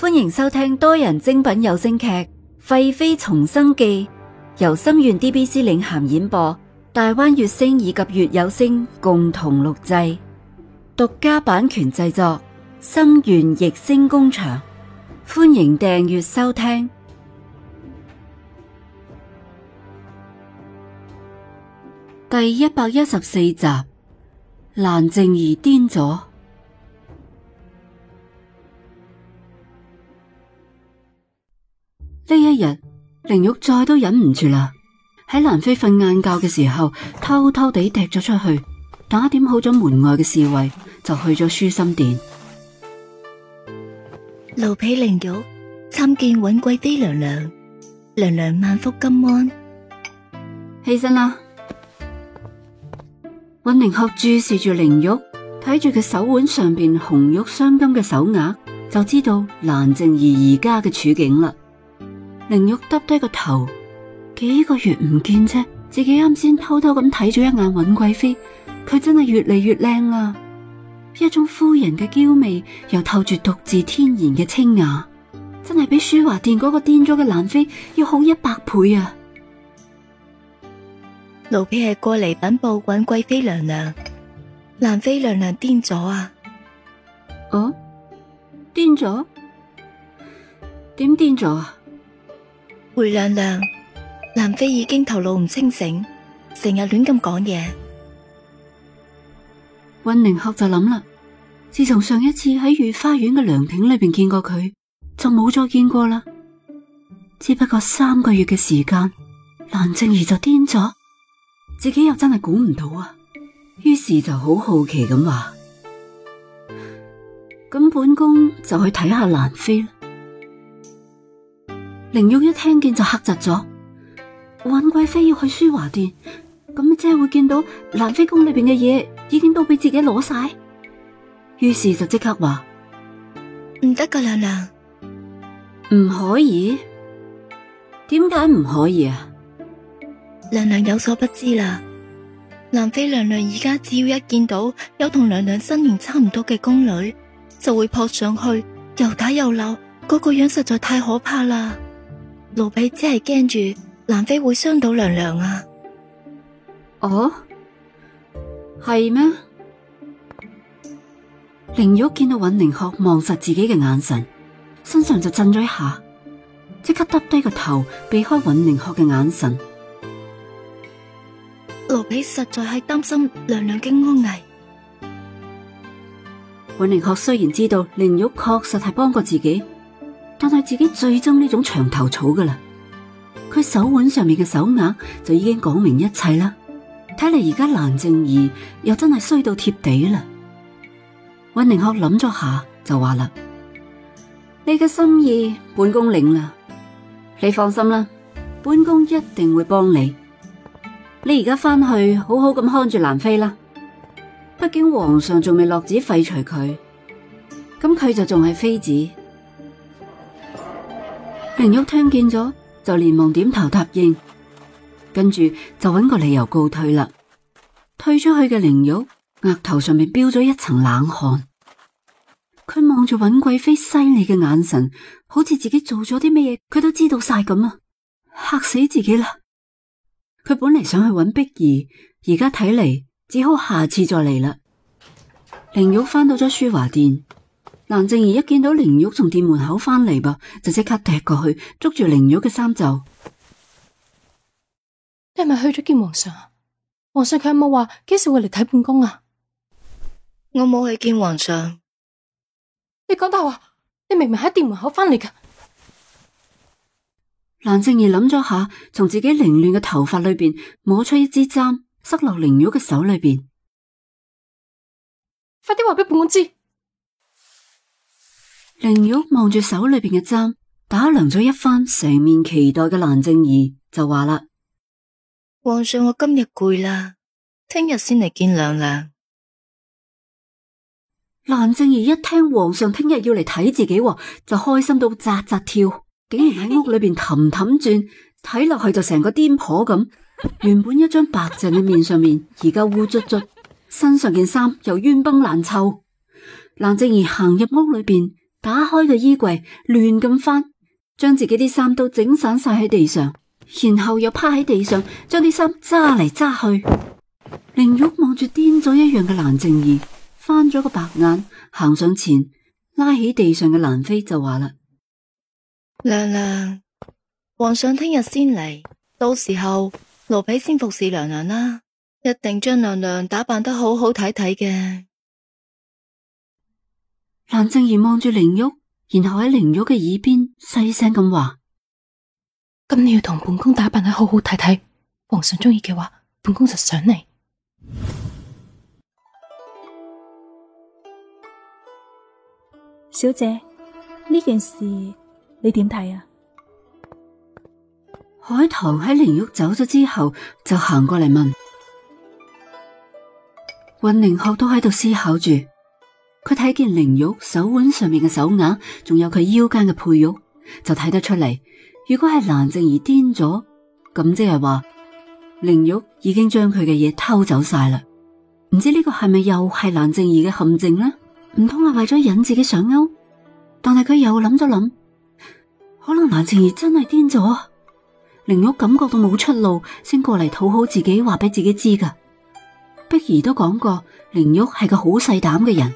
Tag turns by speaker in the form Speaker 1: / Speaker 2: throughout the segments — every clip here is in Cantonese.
Speaker 1: 歡迎收聽多人精品有聲劇《廢妃重生記》，由心願 D B C 領銜演播，大灣月星以及月有聲共同錄製，獨家版權製作，心願逸星工場。歡迎訂閱收聽。第一百一十四集，蘭靜怡癲咗。一日凌玉再都忍唔住啦，喺蘭妃瞓晏覺嘅時候，偷偷地踢咗出去，打點好咗門外嘅侍衛，就去咗舒心殿。奴婢凌玉參見尹貴妃娘娘，娘娘萬福金安。起身啦，尹寧鶴注視住凌玉，睇住佢手腕上邊紅玉鑲金嘅手鐲，就知道蘭靜怡而家嘅處境啦。凌玉耷低個頭，幾個月唔見啫，自己啱先偷偷咁睇咗一眼尹貴妃，佢真係越嚟越靚啦，一種夫人嘅嬌媚，又透住獨自天然嘅清雅，真係比書華殿嗰個癲咗嘅蘭妃要好一百倍啊！奴婢係過嚟稟報尹貴妃娘娘，蘭妃娘娘癲咗啊！哦，癲咗？點癲咗啊？回娘娘，蘭妃已經頭腦唔清醒，成日亂咁講嘢。温寧鶴就諗啦，自從上一次喺御花園嘅涼亭裏邊見過佢，就冇再見過啦。只不過三個月嘅時間，蘭靜怡就癲咗，自己又真係估唔到啊。於是就好好奇咁話，咁本宮就去睇下蘭妃啦。凌玉一聽見就嚇窒咗，尹貴妃要去淑華殿，咁即係會見到蘭妃宮裏邊嘅嘢，已經都俾自己攞晒，於是就即刻話唔得噶，娘娘唔可以。點解唔可以啊？娘娘有所不知啦，蘭妃娘娘而家只要一見到有同娘娘身形差唔多嘅宮女，就會撲上去又打又鬧，嗰個樣實在太可怕啦。奴婢只係驚住蘭妃會傷到娘娘啊！哦，係咩？靈玉見到尹寧鶴望實自己嘅眼神，身上就震咗一下，即刻耷低個頭避開尹寧鶴嘅眼神。奴婢實在係擔心娘娘嘅安危。尹寧鶴雖然知道靈玉確實係幫過自己。但係自己最憎呢種牆頭草噶啦，佢手腕上面嘅手鐲就已經講明一切啦。睇嚟，而家蘭靜怡又真係衰到貼地啦。溫寧鶴諗咗下就話啦：你嘅心意本宮領啦，你放心啦，本宮一定會幫你。你而家翻去好好咁看住蘭妃啦，畢竟皇上仲未落旨廢除佢，咁佢就仲係妃子。凌玉聽見咗，就連忙點頭答應，跟住就搵個理由告退啦。退出去嘅凌玉額頭上面飆咗一層冷汗，佢望住尹貴妃犀利嘅眼神，好似自己做咗啲咩嘢，佢都知道晒咁啊，嚇死自己啦！佢本嚟想去搵碧兒，而家睇嚟，只好下次再嚟啦。凌玉翻到咗書華殿。蘭靜怡一見到凌玉從店門口翻嚟噃，就即刻踢過去捉住凌玉嘅衫袖。你係咪去咗見皇上？皇上佢有冇話幾時會嚟睇本宮啊？我冇去見皇上。你講大話！你明明喺店門口翻嚟㗎。蘭靜怡諗咗下，從自己凌亂嘅頭髮裏邊摸出一支簪，塞落凌玉嘅手裏邊。快啲話俾本宮知！凌玉望住手裏邊嘅簪，打量咗一番，成面期待嘅蘭靜怡就話啦：皇上，我今日攰啦，聽日先嚟見娘娘。蘭靜怡一聽皇上聽日要嚟睇自己，就開心到扎扎跳，竟然喺屋裏邊氹氹轉，睇落 去就成個癲婆咁。原本一張白淨嘅面上面，而家污濁濁，身上件衫又冤崩爛臭。蘭靜怡行入屋裏邊。打開個衣櫃，亂咁翻，將自己啲衫都整散晒，喺地上，然後又趴喺地上，將啲衫揸嚟揸去。凌玉望住癲咗一樣嘅蘭靜怡，翻咗個白眼，行上前拉起地上嘅蘭妃就話啦：，娘娘，皇上聽日先嚟，到時候奴婢先服侍娘娘啦，一定將娘娘打扮得好好睇睇嘅。蘭靜怡望住凌玉，然後喺凌玉嘅耳邊細聲咁話：，咁你要同本宮打扮得好好睇睇，皇上中意嘅話，本宮就賞你。小姐，呢件事你點睇啊？海棠喺凌玉走咗之後，就行過嚟問。雲寧學都喺度思考住。佢睇見凌玉手腕上面嘅手鐲，仲有佢腰間嘅佩玉，就睇得出嚟。如果係蘭靜怡癲咗，咁即係話凌玉已經將佢嘅嘢偷走晒啦。唔知呢個係咪又係蘭靜怡嘅陷阱呢？唔通係為咗引自己上鈎？但係佢又諗咗諗，可能蘭靜怡真係癲咗。凌玉感覺到冇出路，先過嚟討好自己，話俾自己知噶。碧兒都講過，凌玉係個好細膽嘅人。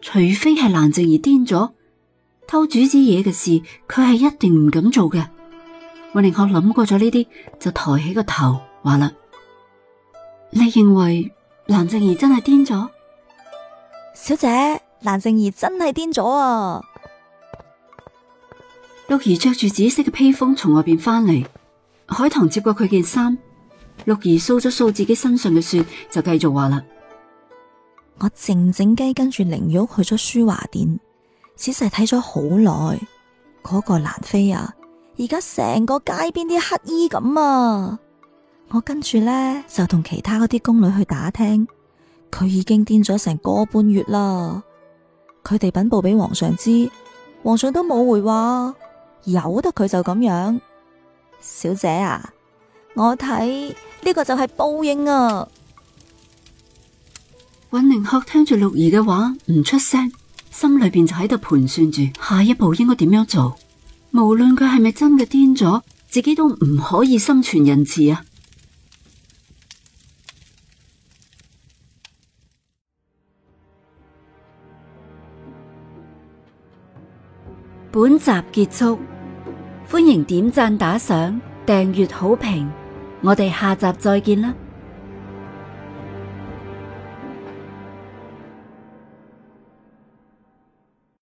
Speaker 1: 除非係蘭靜怡癲咗偷主子嘢嘅事，佢係一定唔敢做嘅。我寧學諗過咗呢啲，就抬起個頭話啦，你認為蘭靜怡真係癲咗？小姐，蘭靜怡真係癲咗啊！六兒着住紫色嘅披風從外邊翻嚟，海棠接過佢件衫，六兒掃咗掃自己身上嘅雪，就繼續話啦。我靜靜雞跟住淩玉去咗書華殿，仔細睇咗好耐，嗰、嗰個蘭妃啊，而家成個街邊啲乞衣咁啊！我跟住咧就同其他嗰啲宮女去打聽，佢已經癲咗成個半月啦。佢哋稟報俾皇上知，皇上都冇回話，由得佢就咁樣。小姐啊，我睇呢、呢個就係報應啊！尹寧鶴聽住六兒嘅話，唔出聲，心裏邊就喺度盤算住下一步應該點樣做。無論佢係咪真嘅癲咗，自己都唔可以心存仁慈啊！本集結束，歡迎點讚、打賞、訂閱、好評，我哋下集再見啦！